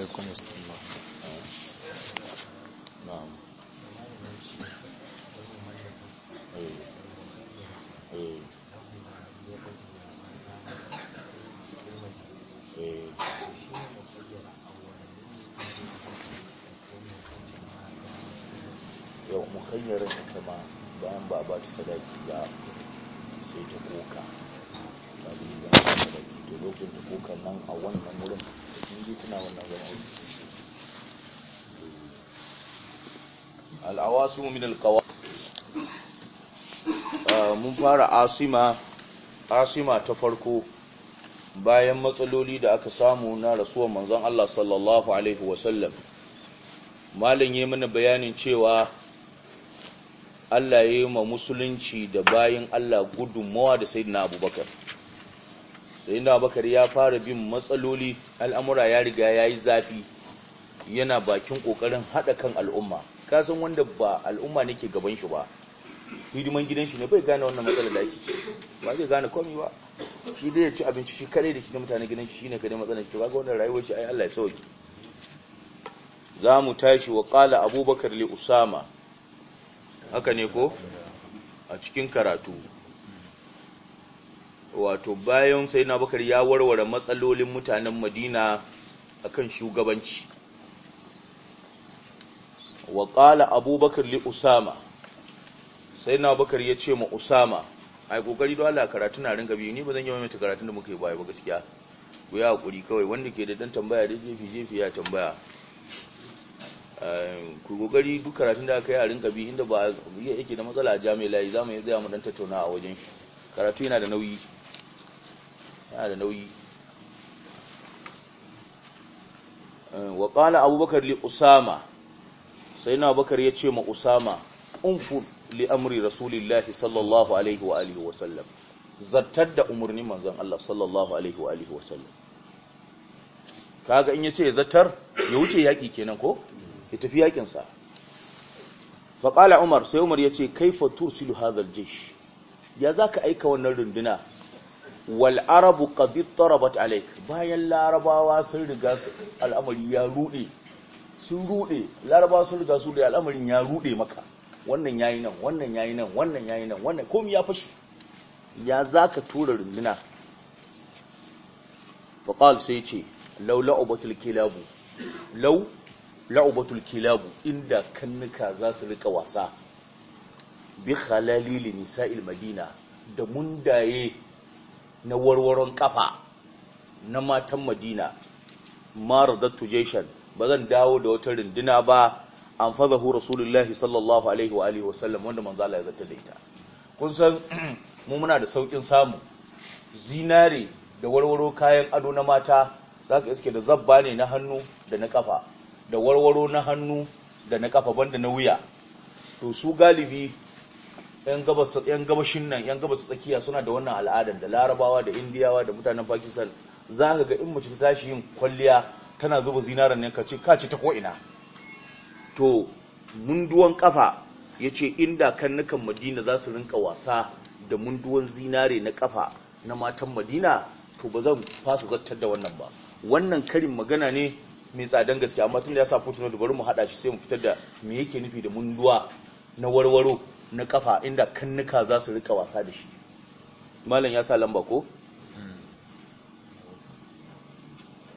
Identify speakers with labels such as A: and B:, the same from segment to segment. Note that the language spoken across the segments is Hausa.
A: alaikum assalam na'am yau mukayyarin ma bayan ba a ba ta sadaki ba sai ta koka ke lokacin da kukan nan a wannan wurin da sun ji tuna wannan zama al'awa su mu minal alkawa ah, mun fara asima asima ta farko bayan matsaloli da aka samu na rasuwar manzon Allah sallallahu alaihi wasallam malin yi mana bayanin cewa Allah ya yi ma musulunci da bayan Allah gudunmawa da sai na abubakar sai na bakar ya fara bin matsaloli al'amura ya riga ya yi zafi yana bakin ƙoƙarin haɗa kan al'umma kasan wanda ba al'umma ne ke gaban shi ba hidiman gidan shi ne bai gane wannan matsalar da ake ci ba zai gane komi ba shi dai ya ci abinci shi kare da shi da mutane gidan shi shine kare matsalar shi to kaga wannan rayuwar shi ai Allah ya sauke za mu tashi wa qala abubakar li usama haka ne ko a cikin karatu wato bayan sai na bakar ya warware matsalolin mutanen madina akan shugabanci wa ƙala abubakar li usama sai na bakar ya ce ma usama a yi ƙoƙari don ala karatu na ringa biyu ni ba zan yi maimaita karatun da muka yi baya ba gaskiya ku yi haƙuri kawai wanda ke da ɗan tambaya da jefi jefi ya tambaya ehm, ku ƙoƙari duk karatun da aka yi a ringa biyu inda ba yake da matsala a jami'a layi za mu yi zai mu ɗan tattauna a wajen shi karatu yana da nauyi yana da nauyi eh, wa qala abubakar li usama sai na abubakar ya ce ma usama unfuz li amri rasulillahi sallallahu alaihi wa alihi wa sallam zartar da umarnin manzan Allah sallallahu alaihi wa alihi wa sallam kaga in yace zartar ya wuce yaki kenan ko ya tafi yakin sa fa qala umar sai umar yace kaifa tursilu hadha al jish ya zaka aika wannan runduna wal arabu qad ittarabat bayan larabawa sun riga al'amari ya rude sun rude larabawa sun riga su da al'amarin ya rude maka wannan yayi nan wannan yayi nan wannan yayi nan wannan komi ya fashi ya zaka tura runduna faqal sai ce law la'ubatul kilabu law la'ubatul kilabu inda kannuka za su rika wasa bi khalalil nisa'il madina da mundaye na warwaron kafa na matan madina mara da tujeshen ba zan dawo da wata rindina ba an hu rasulullahi sallallahu alaihi wa alihi wasallam wanda manzo Allah ya zata da ita kun san mu muna da saukin samu zinare da warwaro kayan ado na mata zaka iske da zabba ne na hannu da na kafa da warwaro na hannu da na kafa banda na wuya to su galibi yan gabashin nan yan gabas tsakiya suna da wannan al'adar da larabawa da indiyawa da mutanen pakistan za ka ga in mace ta tashi yin kwalliya tana zuba zinaran ne ka ce ka ce ta ko'ina to munduwan kafa ya ce inda kannukan madina za su rinka wasa da munduwan zinare na kafa na matan madina to ba zan fasa zartar da wannan ba wannan karin magana ne mai tsadan gaske amma tun da ya sa footnote bari mu hada shi sai mu fitar da me yake nufi da munduwa na warwaro na kafa inda kannuka za su rika wasa da shi malam ya sa lamba ko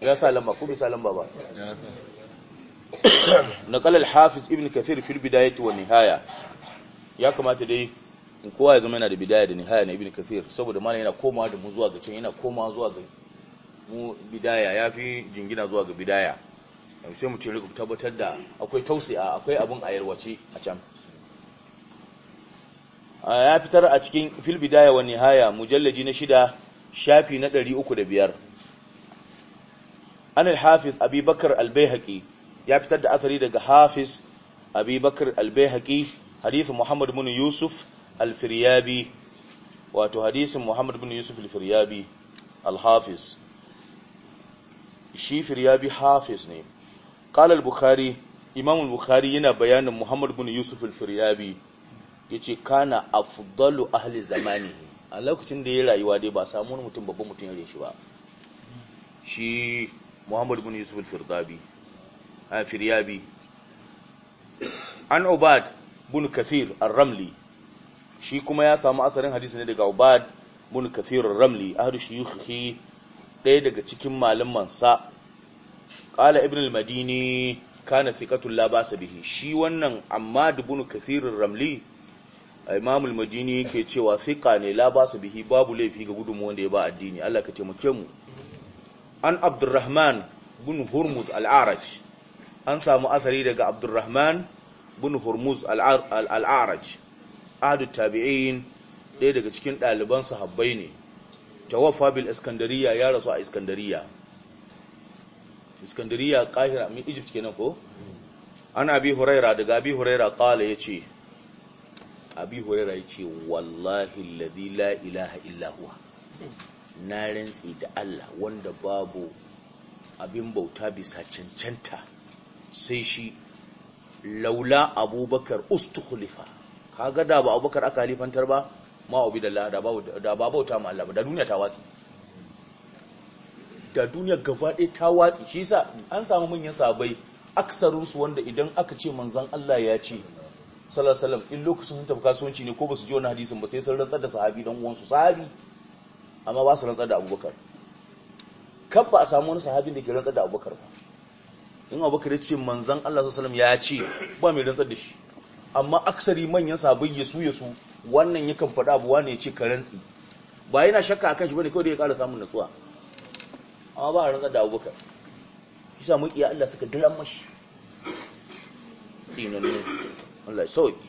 A: ya sa lamba ko bai sa lamba ba Na Hafiz Ibn kasir fil في wa Nihaya. ya kamata dai kowa ya zama yana da bidaya da nihaya na ibn kasir saboda Malam yana komawa da mu zuwa ga can yana komawa zuwa ga mu bidaya ya fi jingina zuwa ga bidaya sai mu ce tabbatar da akwai tausi'a akwai abun a yarwace a can ya fitar a cikin fil bidaya wa nihaya mujallaji na shida shafi na ɗari uku 305 an al-hafiz abubakar al-baihaqi ya fitar da asari daga hafiz abubakar al-baihaqi hadithu muhammad ibn yusuf al wato hadisin muhammad ibn yusuf al-firyabi shi firyabi hafiz ne qala bukari bukhari bukari yana bayanin muhammad ibn yusuf al yace kana afdalu ahli zamani. a lokacin da ya rayuwa dai ba samu wani mutum babban mutum irin shi ba shi Muhammad bin Yusuf al-Firdabi a Firyabi an Ubad bin Kathir ar-Ramli shi kuma ya samu asarin hadisi ne daga Obad bin Kathir ar-Ramli ahadu shuyukhi ɗaya daga cikin malaman sa qala ibn al-Madini kana thiqatul la basa bihi shi wannan amma bin Kathir ar-Ramli Imam al-Madini yake cewa siqa ne la basu bihi babu laifi ga gudunmu wanda ya ba addini Allah ka ce muke mu an Abdurrahman bin Hurmuz al-Araj an samu asari daga Abdurrahman bin Hurmuz al-Araj ahadu tabi'in ɗaya daga cikin ɗaliban sahabbai ne tawaffa bil iskandariya ya rasu a iskandariya iskandariya kahira min egypt kenan ko ana bi huraira daga bi huraira qala yace abi huraira ya ce wallahi lazi la ilaha illa huwa na rantsi da Allah wanda babu abin bauta bisa cancanta sai shi laula abubakar Ka kaga da ba abubakar aka halifantar ba ma obi da da ba bauta ma Allah ba da duniya ta watsi da duniya gaba ɗaya ta watsi shi sa an samu manyan sabai aksarinsu wanda idan aka ce manzon Allah ya ce sallallahu alaihi wasallam in lokacin sun tafi kasuwanci ne ko ba su ji wani hadisin ba sai sun rantsar da sahabi dan uwansu sahabi amma ba su rantsar da abubakar kan ba a samu wani sahabi da ke rantsar da abubakar ba in abubakar ya ce manzan allah sallallahu ya ce ba mai rantsar da shi amma aksari manyan sahabbai ya su ya su wannan yakan faɗa abuwa ne ya ce ka rantsi ba yana shakka akan shi bane kawai da ya ƙara samun nutsuwa amma ba a rantsar da abubakar isa muƙiya allah suka dilan mashi tsinanne Allah sauki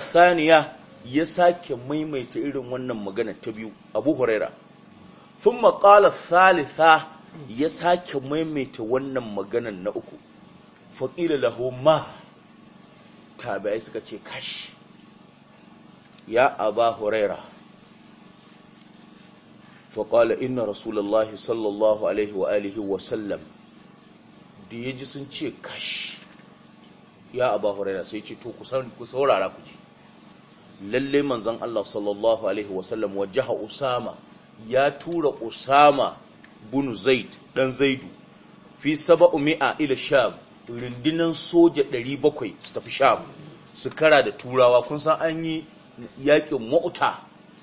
A: saniya ya sake maimaita irin wannan magana ta biyu Abu Huraira Sun maƙalar salitha ya sake maimaita wannan magana na uku faƙila lahu ma tabi'ai suka ce kashi ya abu huraira faƙala inna rasulallah sallallahu alaihi wa alihi wasallam da ya ji sun ce kashi ya abu huraira sai ce to ku saurara ku ji lalle manzan Allah sallallahu alaihi wasallam wajaha usama ya tura usama bunu zaid dan zaidu fi sab'u a ila sham rundunan soja 700 su tafi sham su kara da turawa kun san an yi yakin mauta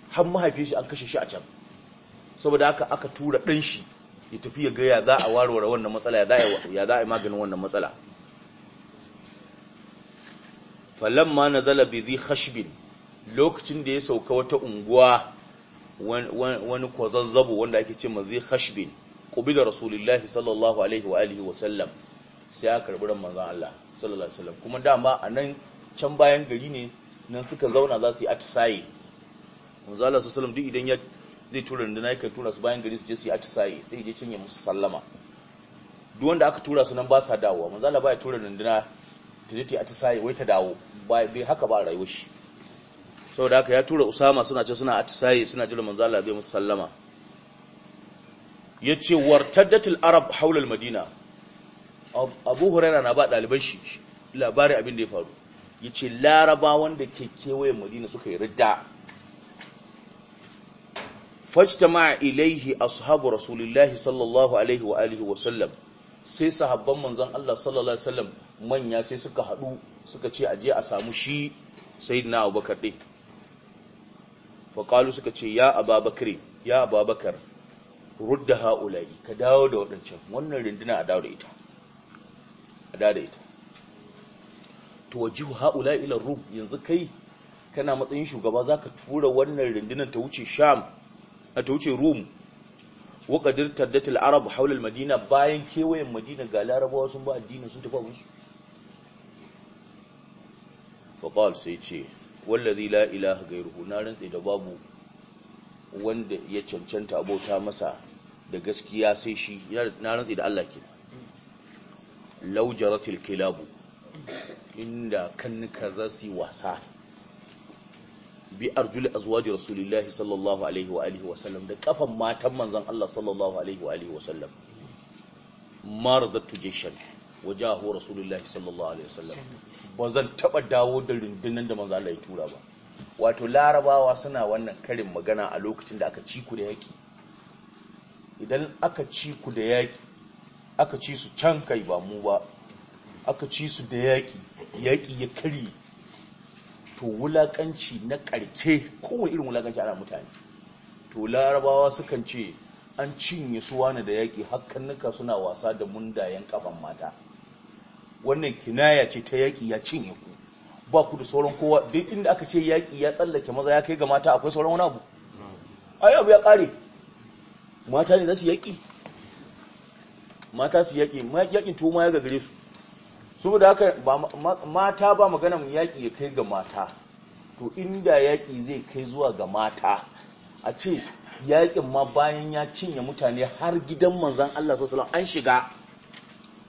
A: har mahaifin shi an kashe shi a can saboda haka aka tura dan shi ya tafi ya ga za a warware wannan matsala ya za a maganin wannan matsala falamma na bi zai khashbin lokacin da ya sauka wata unguwa wani kwazazzabo wanda ake ce mazi khashbin da rasulullahi sallallahu alaihi wa alihi wa sallam sai ya karbi ran manzon Allah sallallahu alaihi wasallam kuma dama nan can bayan gari ne nan suka zauna za su yi atisaye manzon Allah sallallahu alaihi duk idan ya zai tura da nayi tura su bayan gari su je su yi atisaye sai je cinye musu sallama duk wanda aka tura su nan ba sa dawowa manzon Allah baya tura runduna ta je ta atisaye wai ta dawo ba bai haka ba rayuwar shi saboda haka ya tura usama suna ce suna atisaye suna jira manzala zai musu sallama yace wartaddatul arab haula madina abu huraira na ba ɗaliban shi labarin abin da ya faru ya ce laraba wanda ke kewaye madina suka yi ridda fajta ma'a ilaihi ashabu rasulullahi sallallahu alaihi wa alihi wasallam sai sahabban manzan Allah sallallahu alaihi wasallam manya sai suka haɗu suka ce aje a samu shi sai na Abubakar din fa suka ce ya Ababakar ya Ababakar rudda haula'i ka dawo da waɗancan. wannan rinduna a dawo da ita a dawo da ita to waji haula'i ilar rum yanzu kai kana matsayin shugaba za ka tura wannan rindunan ta wuce sham a ta wuce rum waƙadir tardatul arab haular madina bayan kewayen madina ga larabawa sun ba addinin sun tafi musu faƙal sai ce wallazi la ilaha gairuhu na rantse da babu wanda ya cancanta abota masa da gaskiya sai shi na rantse da Allah ke laujaratul kilabu inda kannuka za su yi wasa bi arjuli azwaji rasulillahi sallallahu alaihi wa alihi wa sallam da kafan matan manzon Allah sallallahu alaihi wa alihi wa sallam maradatu jishan wajahu rasulillahi sallallahu alaihi wa sallam ba zan taba dawo da rundunan da manzon Allah ya tura ba wato larabawa suna wannan karin magana a lokacin da aka ci ku da yaki idan aka ci ku da yaki aka ci su can kai ba mu ba aka ci su da yaki yaki ya kare to wulakanci na karke kowai irin wulakanci ana mutane to larabawa sukan ce an cinye su wane da yaƙi hakanuka suna wasa da mundayen kafan mata wannan kinaya ce ta yaƙi ya cinye ku ba ku da sauran kowa duk inda aka ce yaƙi ya tsallake maza ya kai ga mata akwai sauran wani abu yi abu ya ƙare mata ne za su yaƙi mata su yaƙi yaƙin tuwo ma ya gagare su saboda haka mata ba magana mu yaƙi ya kai ga mata to inda yaƙi zai kai zuwa ga mata a ce yaƙin ma bayan ya cinye mutane har gidan manzan Allah sallallahu an shiga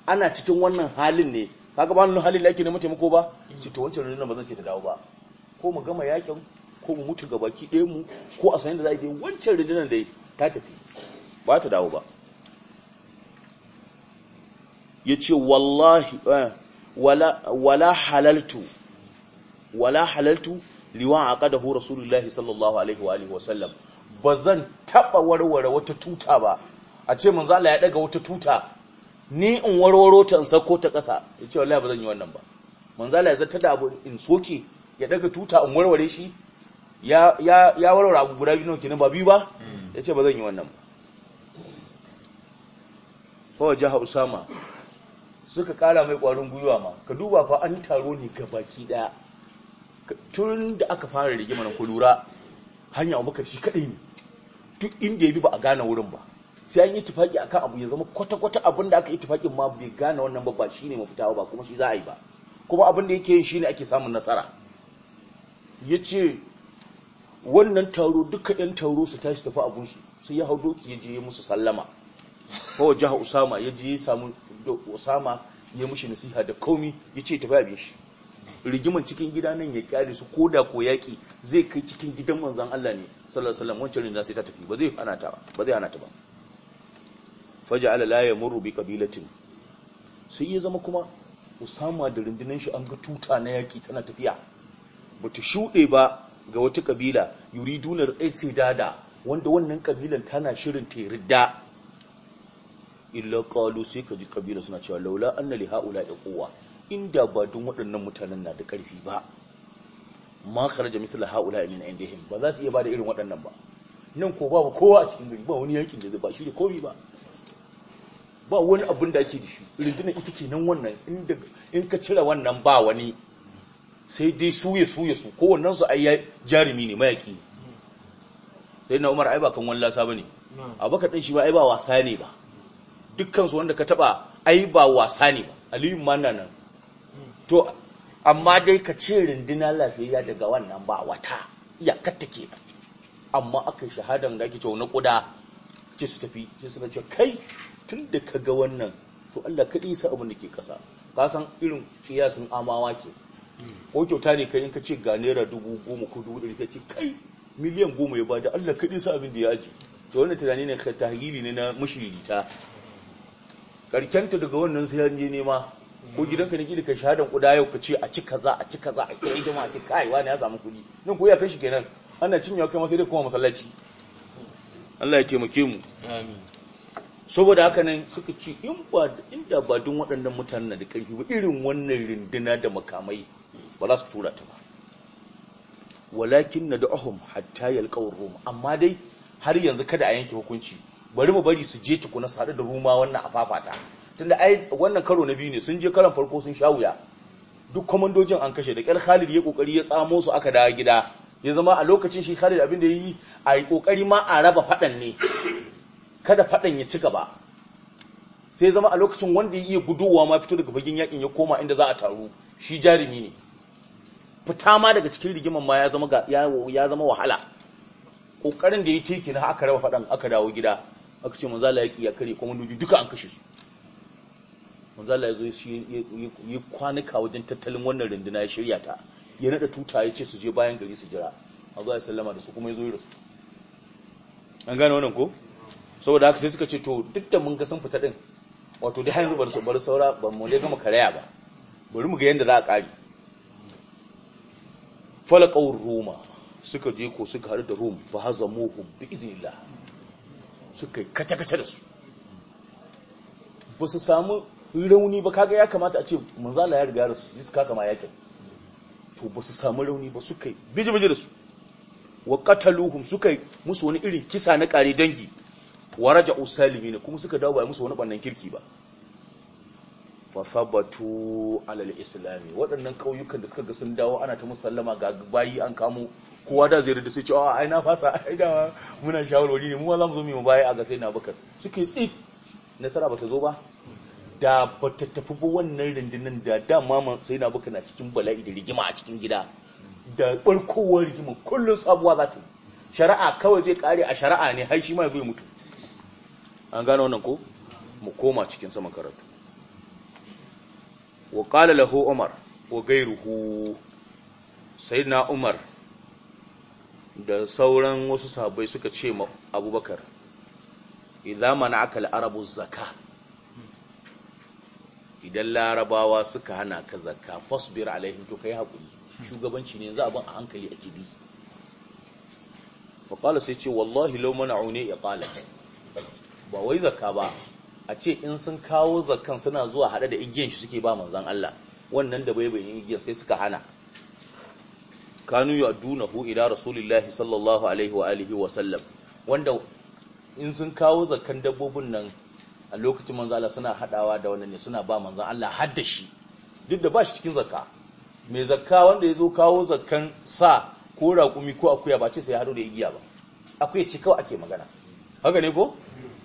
A: ana cikin wannan halin ne kaga ba wannan halin da ake neman taimako ba ce to wancan rundunar ba zan ce ta dawo ba ko mu gama yaƙin ko mu mutu gabaki ɗaya mu ko a sanin da za a yi wancan rundunar da ta tafi ba ta dawo ba ya ce wallahi eh, wala halaltu wala halaltu liwa a ƙadahu rasulullahi sallallahu alaihi wa sallam ba zan taɓa warware wata tuta ba a ce zala ya ɗaga wata tuta ni in warwaro ta in sako ta ƙasa ya ce wallahi ba zan yi wannan ba zala ya zata da abu in soke ya ɗaga tuta in warware shi ya warware abu guda biyu kenan ba biyu ba hmm. ya ce ba zan yi wannan ba usama suka kara mai kwarin gwiwa ma ka duba fa an taro ne ga baki daya tun da aka fara rigima na kulura hanya abubakar shi kadai ne duk inda ya bi ba a gane wurin ba sai an yi tufaki akan abu ya zama kwata-kwata abin aka yi tufakin ma bai gane wannan ba ba shi ne mafita ba kuma shi za a yi ba kuma abinda da yake yin shi ne ake samun nasara ya ce wannan taro duka 'yan taro su tashi tafi abinsu sai ya hau doki ya je musu sallama ko jaha usama ya je ya samu usama ya mushi nasiha da komi ya ce ta abin shi rigiman cikin gida nan ya kyale su ko da ko yaƙi zai kai cikin gidan manzan Allah ne sallallahu alaihi wasallam wancan rinda sai ta tafi ba zai hana ta ba zai hana ta ba bi qabilatin sai ya zama kuma Usama da rundunar shi an ga tuta na yaƙi tana tafiya bata shuɗe ba ga wata kabila yuriduna al dada wanda wannan kabilan tana shirin ta ridda illa qalu sai ka ji kabila suna cewa laula anna li haula da quwwa inda ba dun waɗannan mutanen na da ƙarfi ba ma kharaja misal haula min indihim ba za su iya bada irin waɗannan ba nan ko babu kowa a cikin gari ba wani yankin da zai ba shi da komi ba ba wani abin da ake da shi rundunar ita ke nan wannan in ka cire wannan ba wani sai dai suye suya su kowannan su ai jarumi ne mayaki ne sai na umar ai ba kan wani lasa ba ne abokan ɗin shi ba ai ba wasa ne ba Dukkan su wanda ka taba ai ba wasa ne ba aliyu mana nan to amma dai ka ce rindina lafiya daga wannan ba wata katta ke nan amma aka shahadan da ake cewa na kuda ce su tafi sai suna cewa kai tun da ka ga wannan to Allah ka sa abin da ke ƙasa ka san irin kiyasin amawa ke ko kyauta ne kai in ka ce ga naira dubu goma ko dubu ɗari ka ce kai miliyan goma ya bada Allah ka sa abin da ya aji to wannan tunani ne ka tahili ne na mushirita karkenta daga wannan sai an ma nema ko gidanka ne gidi ka shahadan kuda yau ka ce a ci kaza a ci kaza a kai hidima a ci kai wani ya samu kuɗi nan ko ya kai shi kenan ana cinye kai ma sai dai kuma masallaci Allah ya taimake mu amin saboda haka nan suka ci inda ba don waɗannan mutanen da ƙarfi ba irin wannan rinduna da makamai ba za su tura ta ba walakin na da ahun hatta yalƙawar roma amma dai har yanzu kada a yanke hukunci bari mu bari su je tukuna su haɗu da ruma wannan a fafata tunda ai wannan karo na biyu ne sun je karon farko sun sha wuya duk kwamandojin an kashe da ƙyar Khalid ya kokari ya tsamo su aka dawo gida ya zama a lokacin shi Khalid abin da yi a yi kokari ma a raba faɗan ne kada faɗan ya cika ba sai zama a lokacin wanda ya iya gudowa ma fito daga fagen yakin ya koma inda za a taru shi jarumi ne fita ma daga cikin rigiman ma ya zama wahala Ƙoƙarin da ya teki na haka raba faɗan aka dawo gida aka ce manzala ya yaki ya kare nuju duka an kashe su manzala ya zo yi ya kwanuka wajen tattalin wannan rinduna ya shirya ta ya nada tuta ya ce su je bayan gari su jira zuwa ya sallama da su kuma ya zo ya rasu an gane wannan ko saboda haka sai suka ce to duk da mun ga sun fita din wato dai hanyar yanzu bar saura ba mu dai gama karaya ba bari mu ga yadda za a kare falaqaw roma suka je ko suka haɗu da ba fa hazamuhum bi iznillah suka yi kace-kace da su ba su samu rauni ba kaga ya kamata a ce manzala ya riga da su su sama yakin to ba su samu rauni ba suka yi biji-biji da su wa qataluhum suka yi musu wani irin kisa na kare dangi wa usalimi ne kuma suka dawo ba musu wani bannan kirki ba fa sabatu alal islami waɗannan kauyukan da suka ga sun dawo ana ta musallama ga bayi an kamo kowa da zai rida sai ce a ah, ai na fasa ai da muna shawarwari ne mu za mu zo mu baya a ga sai na bakar suke tsi nasara bata zo ba da bata tafi ba wannan rundunar da dama sai na bakar na cikin bala'i da rigima a cikin gida da barkowar rigima kullum sabuwa za ta yi shari'a kawai zai kare a shari'a ne har shi ma zai mutu an gano wannan ko mu koma cikin sama karatu wa qala lahu umar wa gairuhu sayyidina umar da sauran wasu sabai suka ce ma abubakar idan mana aka al'arabu zaka idan larabawa suka hana ka zaka fasbir alaihim to kai haƙuri shugabanci ne za abin a hankali a kibi. faƙala sai ce wallahi lau mana aune ya ƙala ba wai zaka ba a ce in sun kawo zakan suna zuwa haɗe da igiyan shi suke ba manzan Allah wannan da bai bayan igiyan sai suka hana kanu adunahu ila rasulullahi sallallahu alaihi wa alihi wa sallam wanda in sun kawo zakan dabbobin nan a lokacin manzo Allah suna hadawa da wannan ne suna ba manzo Allah haddashi duk da ba shi cikin zakka mai zakka wanda ya zo kawo zakan sa ko raƙumi ko akuya ba ce sai ya hado da igiya ba akuya ce kawai ake magana haka ne ko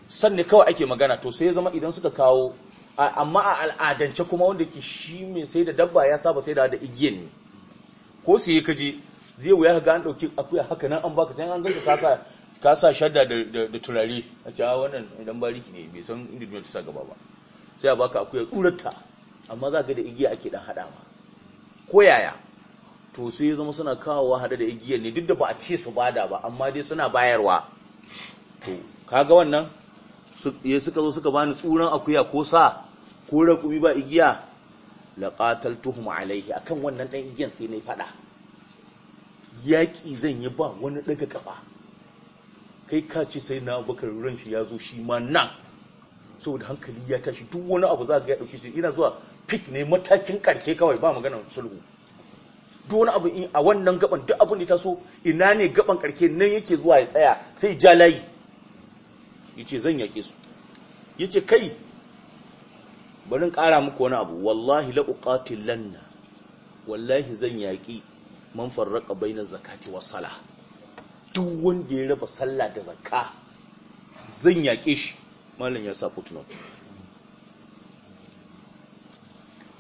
A: san ne kawai ake magana to sai ya zama idan suka kawo amma a al'adance kuma wanda ke shi mai sai da dabba ya saba sai da igiyan ne ko sai ka je zai wuya ga an dauki akuya haka nan an baka sai an ganka ka sa ka shadda da turare a ce a ah, wannan idan riki ne bai san inda duniya ta sa gaba ba sai a baka akuya turarta. amma za ka da igiya ake dan hada ma ko yaya to sai ya zama suna kawowa hada da igiya ne duk da ba a ce su bada ba amma dai suna bayarwa to kaga wannan ya suka zo suka bani tsuran akuya ko sa ko raƙumi ba igiya laqataltuhum alaihi akan wannan dan igiyan sai na yi fada yaƙi zan yi ba wani ɗaga kafa kai ka ce sai na abubakar ran shi ya zo shi ma nan saboda hankali ya tashi duk wani abu za ga ya ɗauki shi ina zuwa fit ne matakin ƙarke kawai ba magana sulhu duk wani abu a wannan gaban duk abin da ta so ina ne gaban ƙarke nan yake zuwa ya tsaya sai ja layi ce zan yaƙi su ce kai barin ƙara muku wani abu wallahi la lanna wallahi zan yaƙi. man farraqa baina zakati wa duk wanda ya raba sallah da zakka zan yaƙe shi malin ya sa footnote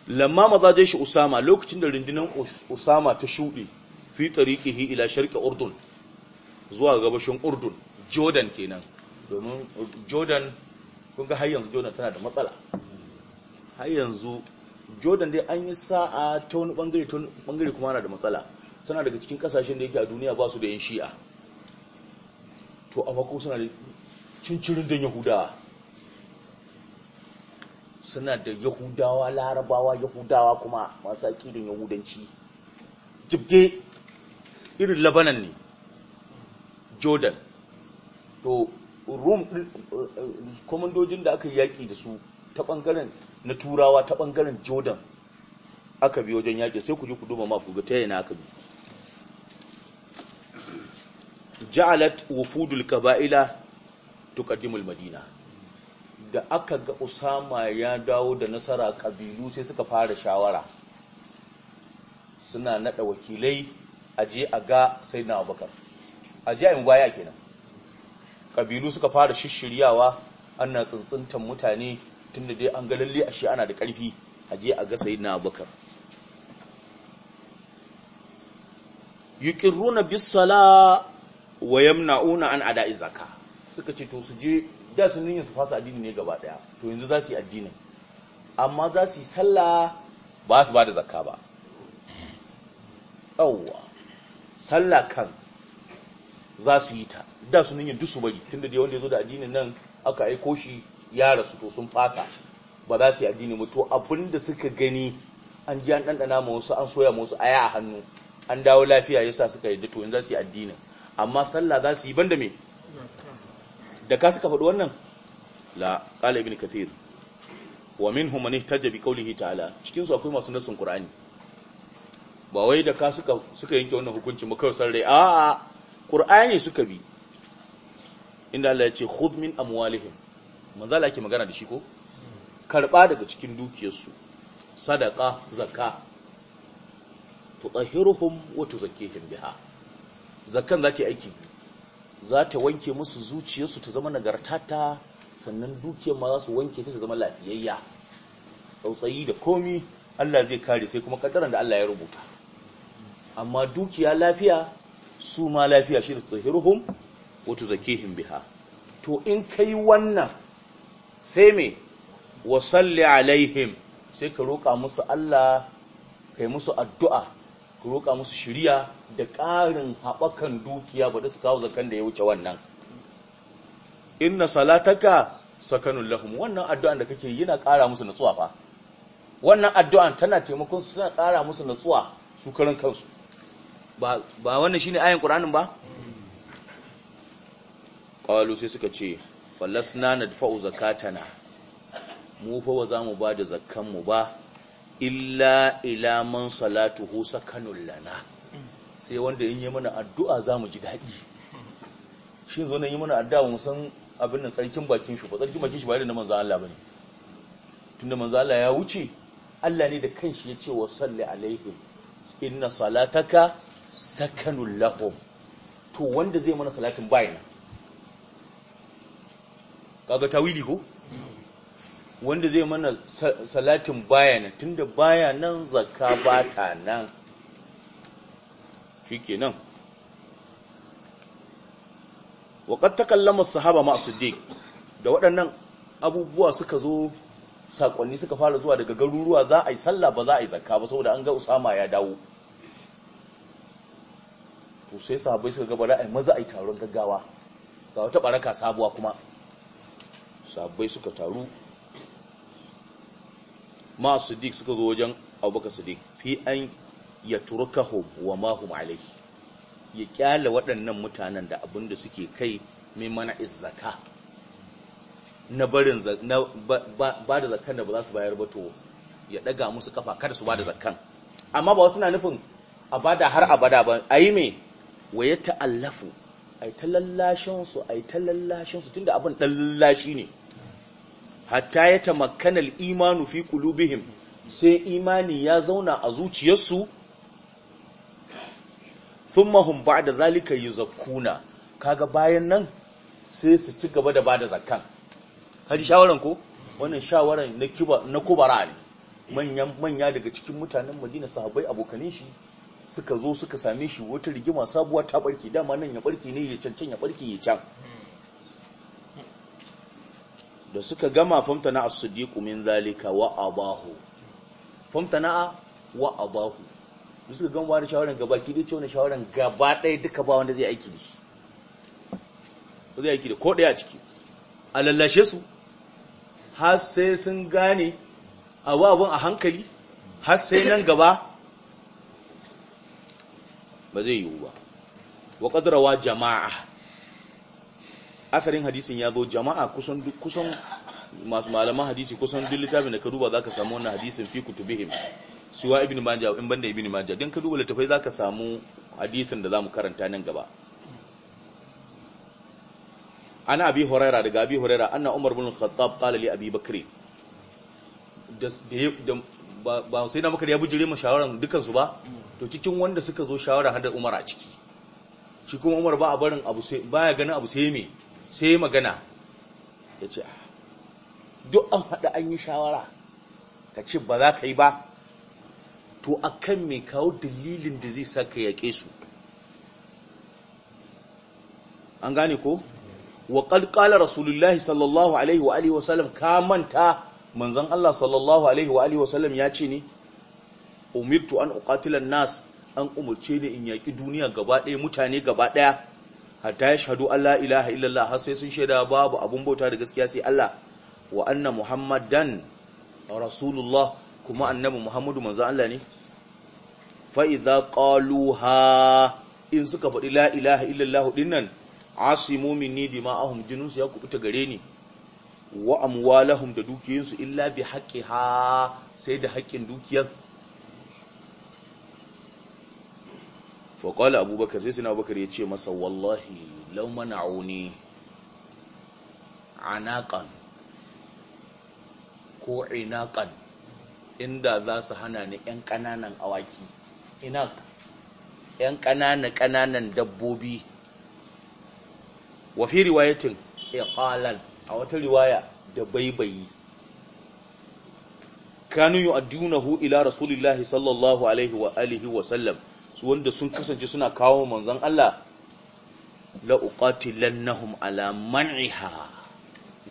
A: lamma mazaje shi usama lokacin da rundunar usama ta shuɗe fi tariqihi ila sharƙe urdun zuwa gabashin urdun jordan kenan domin jordan kun ga jordan tana da matsala jordan dai an yi sa'a ta wani bangare kuma na da matsala suna daga cikin kasashen da yake a duniya ba su da 'yan shi'a to amma mako suna da cincirin don yahudawa suna da yahudawa larabawa yahudawa kuma masu aƙidin yahudanci jibge irin labanan ne jordan to rum eh, komandojin da aka yi yaƙi da su ta ɓangaren na turawa ta ɓangaren jordan aka bi wajen yaƙi sai ku ji ku duba ma ku ga ta yana aka bi ja'alat wufudul kaba'ila tuqaddimul madina da aka ga Usama ya dawo da nasara kabilu sai suka fara shawara suna nada wakilai aje a ga sayyidina Abubakar aje ayin baya kenan kabilu suka fara shishiryawa ana tsuntsuntan mutane tunda dai an ga lalle a shi ana da karfi aje a ga sayyidina Abubakar yuqirruna bis sala wa yamna'una an ada'i zakka suka ce to su je da sun yin su fasa addini ne gaba daya to yanzu za su yi addinin amma za su yi sallah ba su ba da zakka ba awwa sallah kan za su yi ta da sun yin dusu bari tunda da wanda ya zo da addinin nan aka aiko shi ya rasu to sun fasa ba za su yi addini ba to abinda suka gani an ji an ɗanɗana ma wasu an soya ma wasu aya a hannu an dawo lafiya yasa suka yi to yanzu za su yi addinin amma sallah za su yi banda me da ka suka faɗi wannan la ƙala ibn kathir wa min man ta jabi ta'ala cikin su akwai masu nasan qur'ani ba wai da ka suka yanke wannan hukunci ba kawai sarrai a a qur'ani suka bi inda Allah ya ce khudh min amwalihim manzo Allah yake magana da shi ko Karɓa daga cikin dukiyarsu sadaka zakka tutahhiruhum wa tuzakkihim biha zakan za ta yi aiki za ta wanke musu zuciyarsu ta zama nagartata sannan dukiyar ma za su wanke ta ta zama lafiyayya tsautsayi da komi Allah zai kare sai kuma kaddaran da Allah ya rubuta amma dukiya lafiya su ma lafiya shi da tsahiruhum zake tuzakihim biha to in kai wannan sai me wa alaihim sai ka roƙa musu Allah kai musu addu'a ku roƙa musu shiriya da ƙarin haɓakan dukiya ba da su kawo zakan da ya wuce wannan inna salataka sakanun lahum wannan addu'an da kake yana ƙara musu natsuwa fa wannan addu'an tana taimakon su ƙara musu natsuwa su karin kansu ba wannan shi ne ayin ƙuranin ba ƙwalo sai suka ce falasna na dafa'u zakatana mu fa ba za mu ba da zakanmu ba illa ila man salatuhu sakanul lana sai wanda in yi mana addu'a za mu ji daɗi shi zo na yi mana addu'a mu san abin nan tsarkin bakin shi ba tsarkin bakin shi ba da na manzo Allah bane tunda manzo Allah ya wuce Allah ne da kanshi ya ce wa salli alaihim inna salataka sakanul lahum to wanda zai mana salatin ka kaga tawili ko wanda zai mana salatin baya nan tunda baya nan zakka ba ta nan shikenan wa qad takallama sahaba ma siddiq da waɗannan abubuwa suka zo sakonni suka fara zuwa daga garuruwa za a yi sallah ba za a yi zakka ba saboda an ga Usama ya dawo to sai sahabbai suka gaba ra'ayi maza a yi taron gaggawa ga wata baraka sabuwa kuma sahabbai suka taru ma siddiq suka zo wajen abubakar siddiq fi an ya turkahu wa ma alaihi ya kyale waɗannan mutanen da abin da suke kai mai mana zaka na barin ba da zakan da ba za su bayar ba to ya daga musu kafa kada su ba da zakan amma ba wasu na nufin abada har abada ba ayi me wa ya ta'allafu ai ta lallashin su ai ta lallashinsu, su tunda abin dan lallashi ne hatta ya tamakkana imanu fi qulubihim sai imani ya zauna a zuciyarsu thumma ba da zalika zakuna kaga bayan nan sai su ci gaba da ba da zakan. Haji shawaran ko wannan shawaran na kiba kubara ne manya daga cikin mutanen Madina sahabbai abokanin shi suka zo suka same shi wata rigima sabuwa ta barke dama nan ya barke ne ya cancan ya barke ya can da suka gama famtana as-siddiqu min zalika wa abahu famtana wa abahu da suka gama wani shawarar gaba ki dace wani shawarar gaba ɗaya duka ba wanda zai aiki da shi zai aiki da ko ɗaya a ciki a lallashe su har sai sun gane abu abun a hankali har sai nan gaba ba zai yiwu ba wa qadrawa jama'a asarin hadisin ya zo jama'a kusan kusan masu malaman hadisi kusan duk littafin da ka duba zaka samu wannan hadisin fi kutubihim siwa ibn majah in banda ibn majah dan ka duba littafai zaka samu hadisin da zamu karanta nan gaba ana abi huraira daga abi huraira anna umar bin khattab qala li abi bakri da ba sai na bakar ya bujire mu shawaran dukan su ba to cikin wanda suka zo shawara hada umar a ciki shi kuma umar ba a barin abu sai baya ganin abu sai me sai magana ya ce ah, duk an haɗu an yi shawara ka ce ba za ka yi ba to a kan mai kawo dalilin da zai sa ka yaƙe su an gane ko wa ƙalƙalar rasulullahi sallallahu alaihi wa alihi wasallam ka manta manzan Allah sallallahu alaihi wa alihi wasallam ya ce ne umirtu an uqatilan nas an umarce ni in yaƙi duniya gaba ɗaya mutane gaba ɗaya hatta yashhadu allah ilaha illallah har sai sun shaida babu abun bauta da gaskiya sai Allah wa anna muhammadan rasulullah kuma annabi muhammadu manzo Allah ne fa idza qaluha in suka faɗi la ilaha illallah dinnan asimu minni dima'ahum jininsu ya kubuta gare ni wa amwalahum da dukiyansu illa bi haqqiha sai da haƙƙin dukiyar faƙwala abubakar sai suna abubakar ya ce masa wallahi laumana auni anaƙan ko inaƙan inda za su hana ni 'yan ƙananan awaki inak 'yan ƙananan-ƙananan dabbobi wafi riwayatin iqalan a wata riwaya da baibayi kanu yu'addunahu ila rasulillahi sallallahu alaihi wa alihi wa sallam su wanda sun kasance suna kawo manzon Allah la uqatilannahum ala man'iha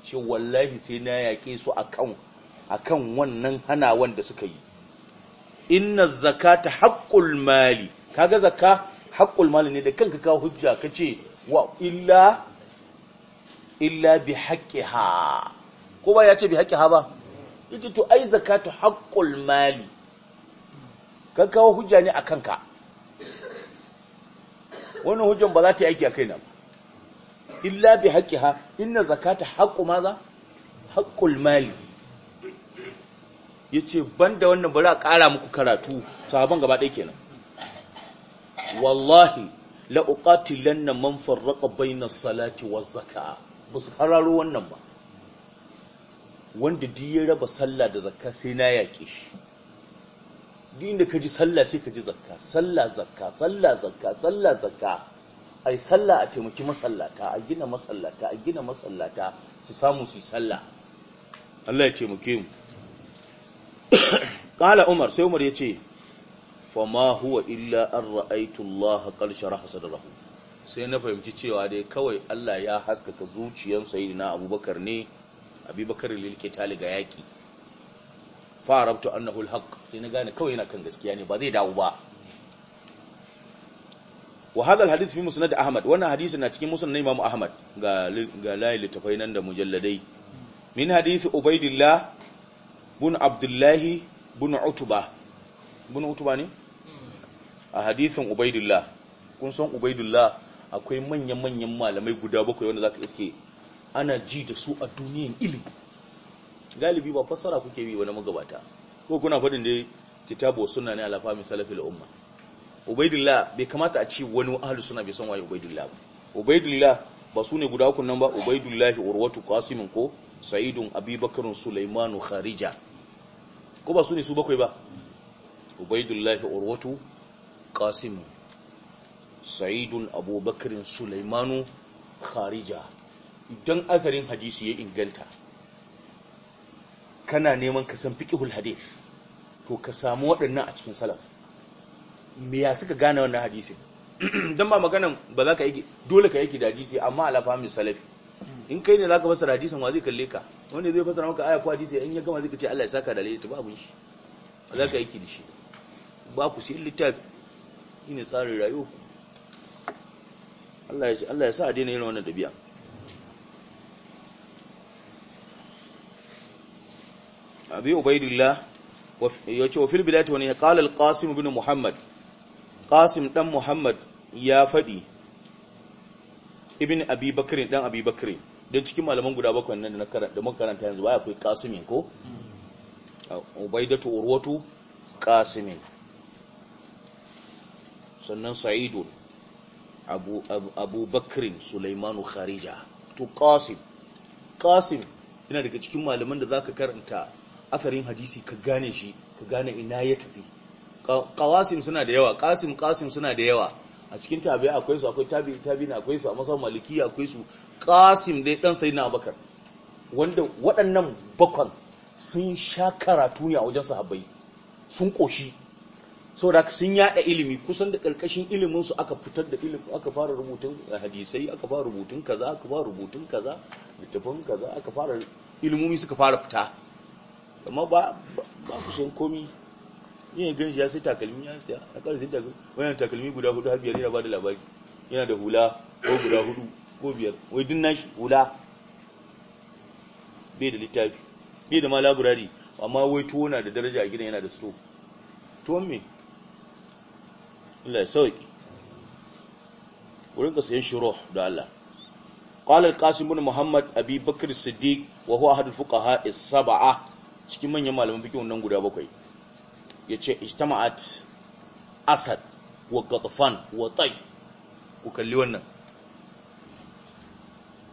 A: ce wallahi sai na yake su akan akan wannan hanawan da suka yi inna zakata haqqul mali kaga zakka haqqul mali ne da kanka ka hujja kace wa illa illa bi haqqiha ko ba ya ce bi haqqiha ba yace to ai zakatu haqqul mali ka kawo hujja ne akan ka wannan hujjan ba za ta yi aiki a kaina ba illa bi haqqiha inna zakata haqqu maza haqqul mali yace banda wannan bari a ƙara muku karatu sahaban gaba ɗaya kenan wallahi la uqatilanna man farraqa bayna salati waz zakah bus kararo wannan ba wanda duk ya raba sallah da zakka sai na yake shi duk da ka ji sallah sai ka ji zakka sallah zakka sallah zakka sallah zakka ai sallah a taimaki masallata a gina masallata a gina masallata su samu su sallah Allah ya taimake mu qala umar sai umar yace fa ma huwa illa an ra'aytu Allah qal sharaha sadrahu sai na fahimci cewa dai kawai Allah ya haskaka zuciyar sayyidina Abubakar ne Abubakar lil taliga yaki farabtu annahu alhaq sai na gane kawai yana kan gaskiya ne ba zai dawo ba wa hadha alhadith fi musnad ahmad wannan hadisi na cikin musnad imam ahmad ga ga layi tafainan nan da mujalladai min hadith ubaidillah bin abdullah bin utba bin utba ne a hadithin ubaidillah kun san ubaidillah akwai manyan manyan malamai guda bakwai wanda zaka iske ana ji da su a duniyan ilimi galibi ba fassara kuke bi wani magabata ko kuna faɗin da kitabu sunna ne alafa min salafi al'umma ubaidillah bai kamata a ci wani ahli suna bai san waye ubaidillah ba ubaidillah ba sune guda uku nan ba ubaidillah urwatu qasimin ko sa'idun abubakar sulaimanu kharija ko ba sune su bakwai ba ubaidillah urwatu qasimin sa'idun Abubakar sulaimanu kharija idan azarin hadisi ya inganta kana neman ka san fiqhul hadith to ka samu waɗannan a cikin salaf me ya suka gane wannan hadisi dan ba maganan ba za ka yi dole ka yi da hadisi amma ala fahmin salafi in kai ne za ka fasara hadisin wa zai kalle ka wanda zai fasara maka aya ko hadisi in ya gama zai ce Allah ya saka da lalita ba abun shi ba za ka yi da shi ba ku sai littafi shine tsarin rayuwa Allah ya sa a daina yin wannan dabi'a abi ubaidillah yace wa fil bidayati wani qala al-qasim ibn muhammad qasim dan muhammad ya fadi ibn abi bakr dan abi bakr dan cikin malaman guda bakwai nan da na karanta da makaranta yanzu baya akwai qasim ko ubaidatu urwatu qasim sannan sa'idun abu abu sulaimanu kharija to qasim qasim yana daga cikin malaman da zaka karanta asarin hadisi ka gane shi ka gane ina ya tafi kawasim suna da yawa kasim kasim suna da yawa a cikin tabi akwai su akwai tabi tabi na akwai su a masar maliki akwai su kasim dai dan na abubakar wanda waɗannan bakon sun sha karatu ne a wajen sahabbai sun koshi saboda sun yada ilimi kusan da karkashin ilimin su aka fitar da ilimi aka fara rubutun eh, hadisai aka fara rubutun kaza aka fara rubutun kaza littafin kaza aka fara ilimomi suka fara fita amma ba ba ku san komi yin gan shi ya sai takalmi ya siya na kan zai takalmi wannan takalmi guda hudu har biyar yana ba da labari yana da hula ko guda hudu ko biyar wai din nashi hula bai da littafi bai da ma laburari amma wai tuwo na da daraja a gina yana da sto tuwon me Allah ya sauki wurin kasayen shiro da Allah قال القاسم بن محمد أبي بكر الصديق وهو أحد الفقهاء السبعة cikin manyan malaman fikin wannan guda bakwai ya ce ishtama'at asad wa gatafan wa tay ku kalli wannan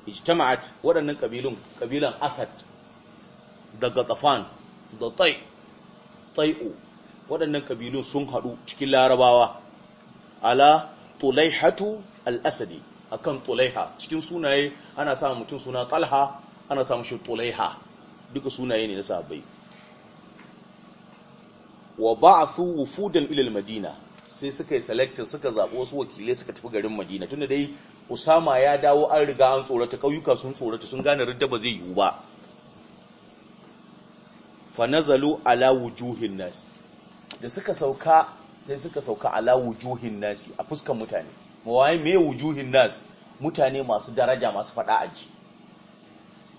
A: ishtama'at waɗannan ƙabilun ƙabilan asad da gatafan da tay tai'u waɗannan ƙabilun sun haɗu cikin larabawa ala tulaihatu al a akan tulaiha cikin sunaye ana samun mutum suna talha ana samun shi tulaiha duka sunaye ne na sahabbai wa ba'athu wufudan ila madina sai suka yi selection suka zaɓi wasu wakilai suka tafi garin madina tunda dai usama ya dawo an riga an tsorata kauyuka sun tsorata sun gane ridda ba zai yiwu ba fa nazalu ala wujuhin nas da suka sauka sai suka sauka ala wujuhin nasi, a fuskan mutane mawaye me wujuhin nas mutane masu daraja masu fada aji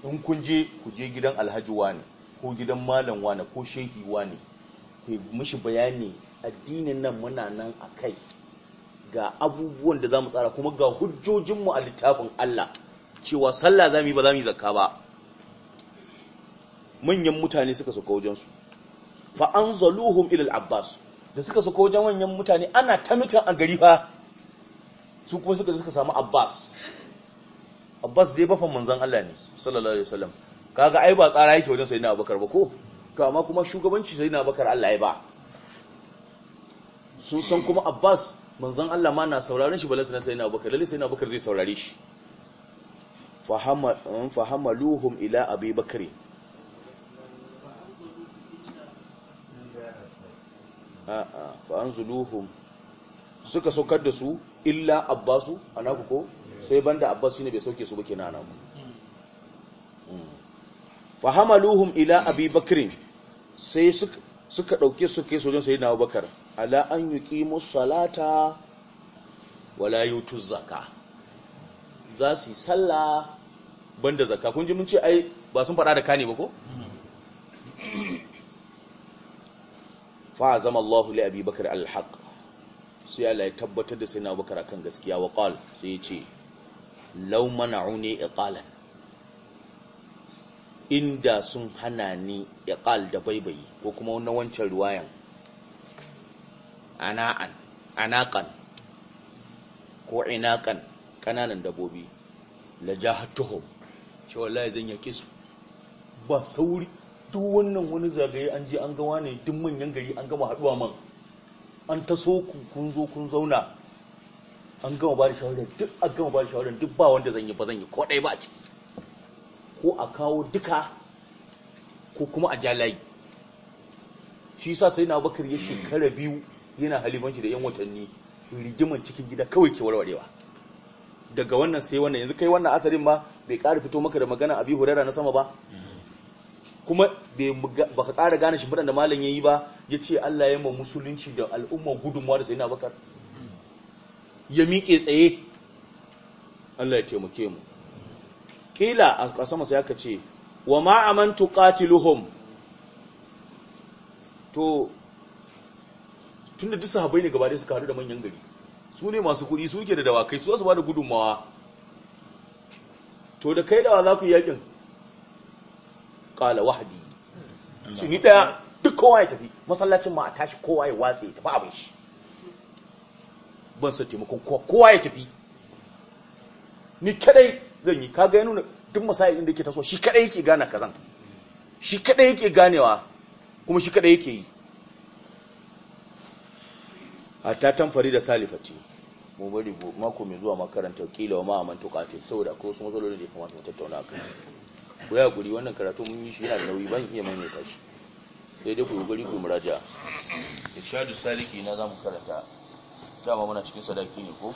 A: in kun je ku je gidan alhaji wani ko gidan malam wani ko shehi wani ke mishi bayani addinin nan muna nan a kai ga abubuwan da za mu tsara kuma ga hujjojinmu a littafin Allah cewa sallah za mu yi ba za mu yi zakka ba manyan mutane suka sauka wajensu fa an zaluhum ilal abbas da suka sauka wajen manyan mutane ana ta mutan a gari fa su kuma suka suka samu abbas Abbas dai bafan manzan Allah ne sallallahu alaihi wasallam kaga ai ba tsara yake wajen sayyidina Abubakar ba ko to amma kuma shugabanci sayyidina Abubakar Allah ya ba sun san kuma Abbas manzan Allah ma na sauraron shi balatu na sayyidina Abubakar lalle sayyidina Abubakar zai saurare shi fahamaluhum eh, ila Abi Bakri a'a fa anzuluhum suka saukar da su illa Abbasu anaku ko sai banda abbas shine bai sauke su ba kenan nan mm. fa hamaluhum ila abi bakr sai suka suka dauke su kai sojin sayyidina abubakar ala an yuqimu salata wala yutu zakka za su yi sallah banda zakka kun ji mun ce ai ba sun fada da kane ba ko fa azama Allahu li abi bakr al-haq sai Allah ya tabbatar da sayyidina abubakar akan gaskiya wa qal sai ya ce law mana'uni iqalan inda sun hana ni iqal da baibayi ko kuma wannan wancan riwayan ana'an anaqan ko inaqan kananan dabobi la jahatuhum ce wallahi zan yake su ba sauri duk wannan wani zagaye an je an gawa ne duk manyan gari an gama haduwa man an taso ku kun zo kun zauna an gama ba da shawarar duk an gama ba da shawarar duk ba wanda zan yi ba zan yi ko ɗaya ba a ciki ko a kawo duka ko kuma a ja layi shi sa sai na bakar ya shekara biyu yana halibanci da yan watanni rigiman cikin gida kawai ke warwarewa daga wannan sai wannan yanzu kai wannan asarin ma bai ƙara fito maka da magana abi hurara na sama ba kuma ba ka ƙara gane shi da malam ya yi ba ya ce Allah ya ma musulunci da al'umma gudunmuwa da sai na bakar ya miƙe tsaye Allah ya taimake mu Ƙila a ƙasama sai aka ce wa ma'amantu qatiluhum to tunda duk sahabbai ne gaba su suka da manyan gari su ne masu kuɗi su ke da dawakai su wasu ba da gudunmawa to da kai dawa za ku yi yakin ƙala wahadi hmm. shi ni ɗaya duk kowa ya tafi masallacin ma a tashi kowa ya watse ya tafi abin shi ban sa taimakon kowa ya tafi ni kadai zan yi kaga ya nuna duk masayin da yake taso shi kadai yake gane kazan shi kadai yake ganewa kuma shi kadai yake yi a ta tamfari da salifati mu bari mako mai zuwa makaranta kila wa ma'aman tukati saboda akwai wasu matsaloli da ya kamata mu tattauna kai. ku ya guri wannan karatu mun yi shi yana da nauyi ban iya maimaita shi sai dai ku guri ku muraja irshadu saliki na zamu karanta dama muna cikin sadaki ne ko